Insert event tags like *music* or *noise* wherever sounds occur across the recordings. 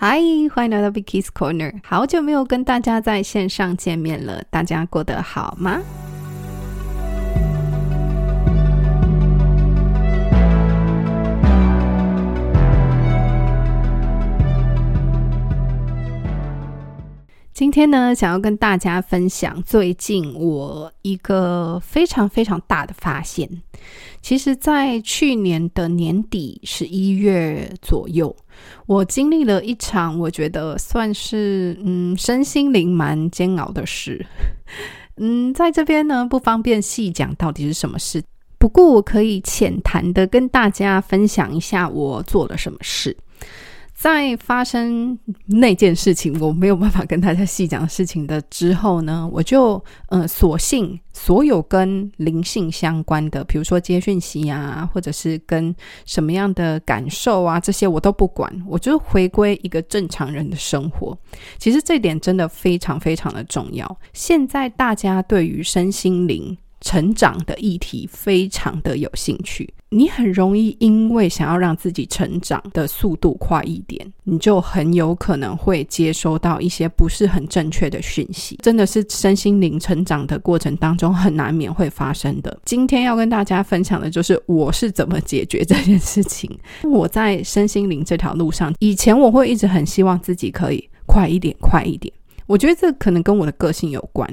Hi，歡迎來到 Big Kids Corner，好久沒有跟大家在線上見面了，大家過得好嗎？今天呢，想要跟大家分享最近我一個非常非常大的發現。其實，在去年的年底，十一月左右。我經歷了一場，我覺得算是嗯，身心靈蠻煎熬的事。嗯，在這邊呢，不方便細講到底是什麼事，不過我可以淺談的跟大家分享一下我做了什麼事。在發生那件事情，我沒有辦法跟大家細講事情的之後呢，我就呃，索性所有跟靈性相關的，比如說接訊息啊，或者是跟什麼樣的感受啊，這些我都不管，我就回歸一個正常人的生活。其實這點真的非常非常的重要。現在大家對於身心靈，成長的議題非常的有興趣，你很容易因為想要讓自己成長的速度快一點，你就很有可能會接收到一些不是很正確的訊息。真的是身心靈成長的過程當中很難免會發生的。今天要跟大家分享的就是我是怎麼解決這件事情。我在身心靈這條路上，以前我會一直很希望自己可以快一點，快一點。我覺得這可能跟我的個性有關。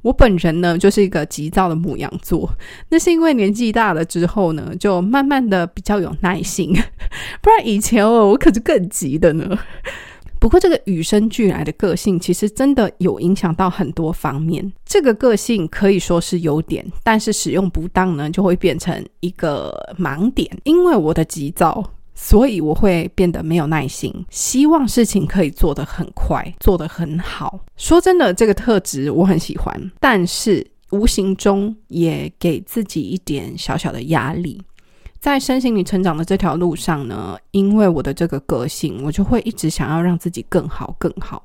我本人呢，就是一個急躁的牧羊座。那是因為年紀大了之後呢，就慢慢的比較有耐心。 *laughs* 不然以前哦，我可是更急的呢。 *laughs* 不過這個與生俱來的個性，其實真的有影響到很多方面。這個個性可以說是優點，但是使用不當呢，就會變成一個盲點。因為我的急躁。所以我會變得沒有耐心，希望事情可以做得很快，做得很好。說真的，這個特質我很喜歡，但是無形中也給自己一點小小的壓力。在身心靈成長的這條路上呢，因為我的這個個性，我就會一直想要讓自己更好更好。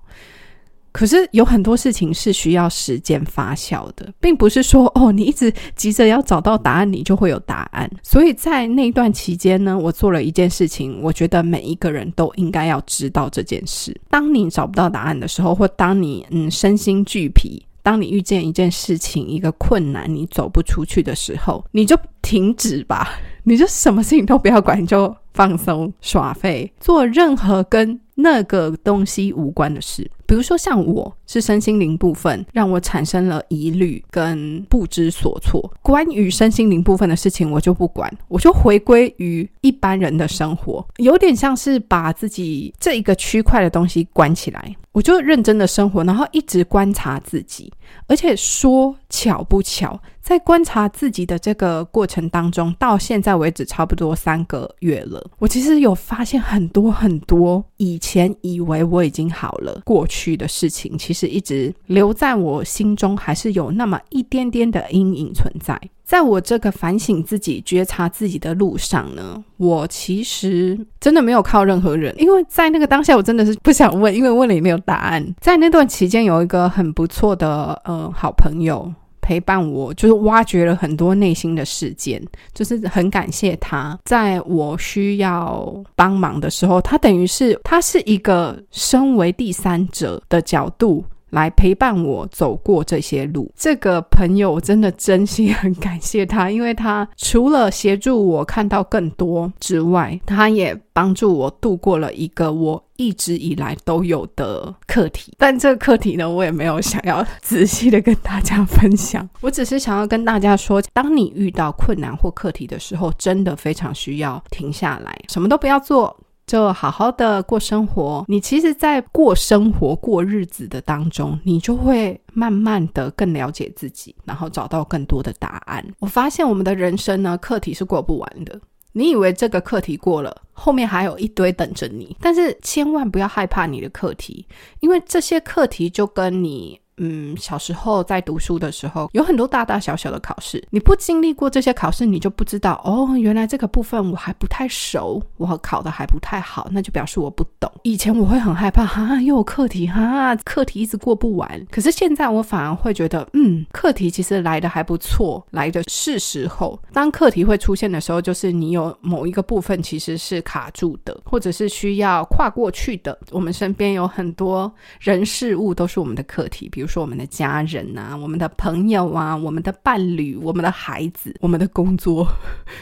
可是有很多事情是需要時間發酵的，並不是說哦，你一直急着要找到答案，你就會有答案。所以在那一段期間呢，我做了一件事情，我覺得每一個人都應該要知道這件事：當你找不到答案的時候，或當你嗯身心俱疲，當你遇見一件事情、一個困難，你走不出去的時候，你就停止吧，你就什麼事情都不要管，你就放鬆耍廢，做任何跟那個東西無關的事。比如說，像我是身心靈部分，讓我產生了疑慮跟不知所措。關於身心靈部分的事情，我就不管，我就回歸於一般人的生活，有點像是把自己這一個區塊的東西關起來。我就認真的生活，然後一直觀察自己。而且說巧不巧，在觀察自己的這個過程當中，到現在為止差不多三個月了，我其實有發現很多很多以前以為我已經好了過去去的事情，其實一直留在我心中，還是有那麼一點點的陰影存在。在我這個反省自己、覺察自己的路上呢，我其實真的沒有靠任何人，因為在那個當下，我真的是不想問，因為問了也沒有答案。在那段期間，有一個很不錯的，呃，好朋友。陪伴我，就是挖掘了很多內心的事件，就是很感謝他，在我需要幫忙的時候，他等於是他是一個身為第三者的角度，來陪伴我走過這些路，這個朋友我真的真心很感謝他，因為他除了協助我看到更多之外，他也幫助我度過了一個我一直以來都有的課題。但這個課題呢，我也沒有想要仔細的跟大家分享，我只是想要跟大家說，當你遇到困難或課題的時候，真的非常需要停下來，什麼都不要做。就好好的過生活，你其實，在過生活、過日子的當中，你就會慢慢的更了解自己，然後找到更多的答案。我發現，我們的人生呢，課題是過不完的。你以為這個課題過了，後面還有一堆等着你，但是千萬不要害怕你的課題，因為這些課題就跟你。嗯，小時候在讀書的時候，有很多大大小小的考試。你不經歷過這些考試，你就不知道哦，原來這個部分我還不太熟，我考的還不太好，那就表示我不懂。以前我會很害怕啊，又有課題啊，課題一直過不完。可是現在我反而會覺得，嗯，課題其實來的還不錯，來的是時候。當課題會出現的時候，就是你有某一個部分其實是卡住的，或者是需要跨過去的。我們身邊有很多人事物都是我們的課題，比如。說我們的家人啊，我們的朋友啊，我們的伴侶，我們的孩子，我們的工作，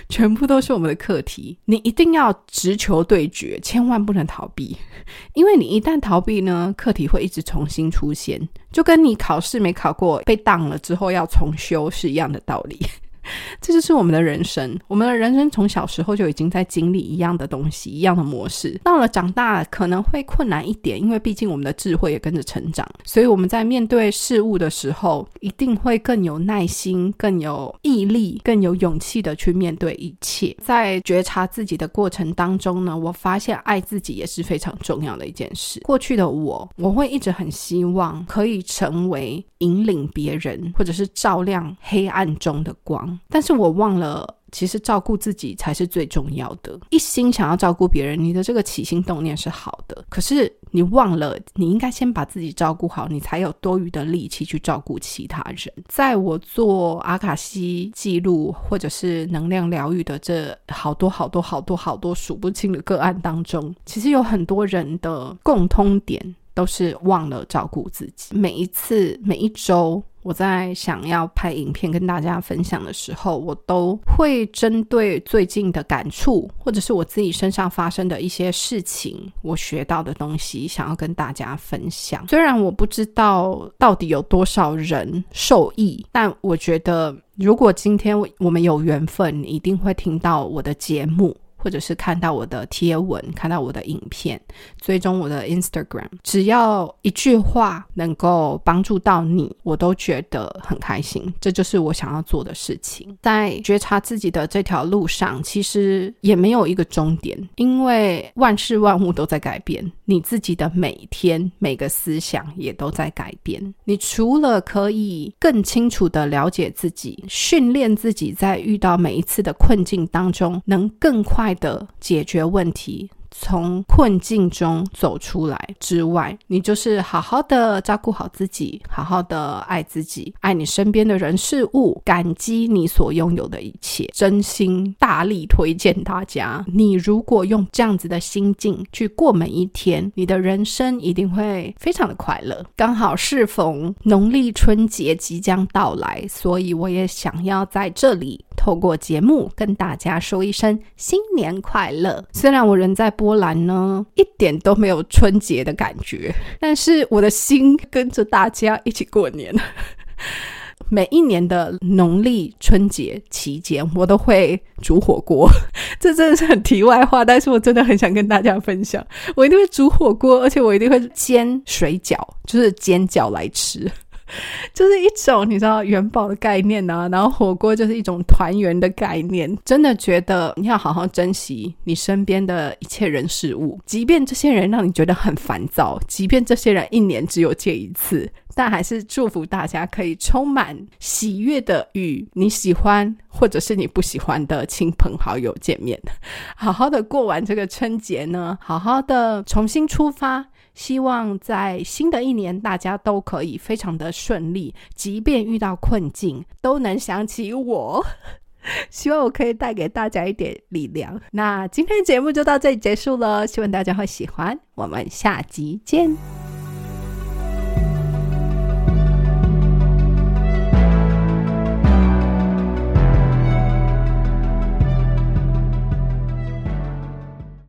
全部都是我們的課題。你一定要直球對決，千萬不能逃避，因為你一旦逃避呢，課題會一直重新出現，就跟你考試沒考過被當了之後要重修是一樣的道理。這就是我們的人生。我們的人生從小時候就已經在經歷一樣的東西、一樣的模式。到了長大了，可能會困難一點，因為畢竟我們的智慧也跟着成長。所以我們在面對事物的時候，一定會更有耐心、更有毅力、更有勇氣的去面對一切。在覺察自己的過程當中呢，我發現愛自己也是非常重要的一件事。過去的我，我會一直很希望可以成為引領別人，或者是照亮黑暗中的光。但是我忘了，其實照顧自己才是最重要的。一心想要照顧別人，你的這個起心動念是好的，可是你忘了，你應該先把自己照顧好，你才有多餘的力氣去照顧其他人。在我做阿卡西記錄或者是能量療癒的這好多好多好多好多數不清的個案當中，其實有很多人的共通點。都是忘了照顧自己。每一次、每一週，我在想要拍影片跟大家分享的時候，我都會針對最近的感觸，或者是我自己身上發生的一些事情，我學到的東西，想要跟大家分享。雖然我不知道到底有多少人受益，但我覺得如果今天我們有緣分，一定會聽到我的節目。或者是看到我的貼文，看到我的影片，追蹤我的 Instagram，只要一句話能夠幫助到你，我都覺得很開心。這就是我想要做的事情。在覺察自己的這條路上，其實也沒有一個終點，因為萬事萬物都在改變，你自己的每天，每個思想也都在改變。你除了可以更清楚的了解自己，訓練自己，在遇到每一次的困境當中，能更快。的解決問題，從困境中走出來之外，你就是好好的照顧好自己，好好的愛自己，愛你身邊的人事物，感激你所擁有的一切。真心大力推薦大家，你如果用這樣子的心境去過每一天，你的人生一定會非常的快樂。剛好適逢農曆春節即將到來，所以我也想要在這裡，透過節目跟大家說一聲新年快樂。雖然我人在波蘭呢，一點都沒有春節的感覺，但是我的心跟着大家一起過年。每一年的農曆春節期間，我都會煮火鍋。這真的是很題外話，但是我真的很想跟大家分享，我一定會煮火鍋，而且我一定會煎水餃，就是煎餃來吃。 *laughs* 就是一種你知道元寶的概念啊，然後火鍋就是一種團圓的概念。真的覺得你要好好珍惜你身邊的一切人事物，即便這些人讓你覺得很煩躁，即便這些人一年只有見一次，但還是祝福大家可以充滿喜悅的與你喜歡或者是你不喜歡的親朋好友見面，好好的過完這個春節呢，好好的重新出發。希望在新的一年，大家都可以非常的順利。即便遇到困境，都能想起我。 *laughs* 希望我可以帶給大家一點力量。那今天節目就到這裡結束了，希望大家會喜歡。我們下集見。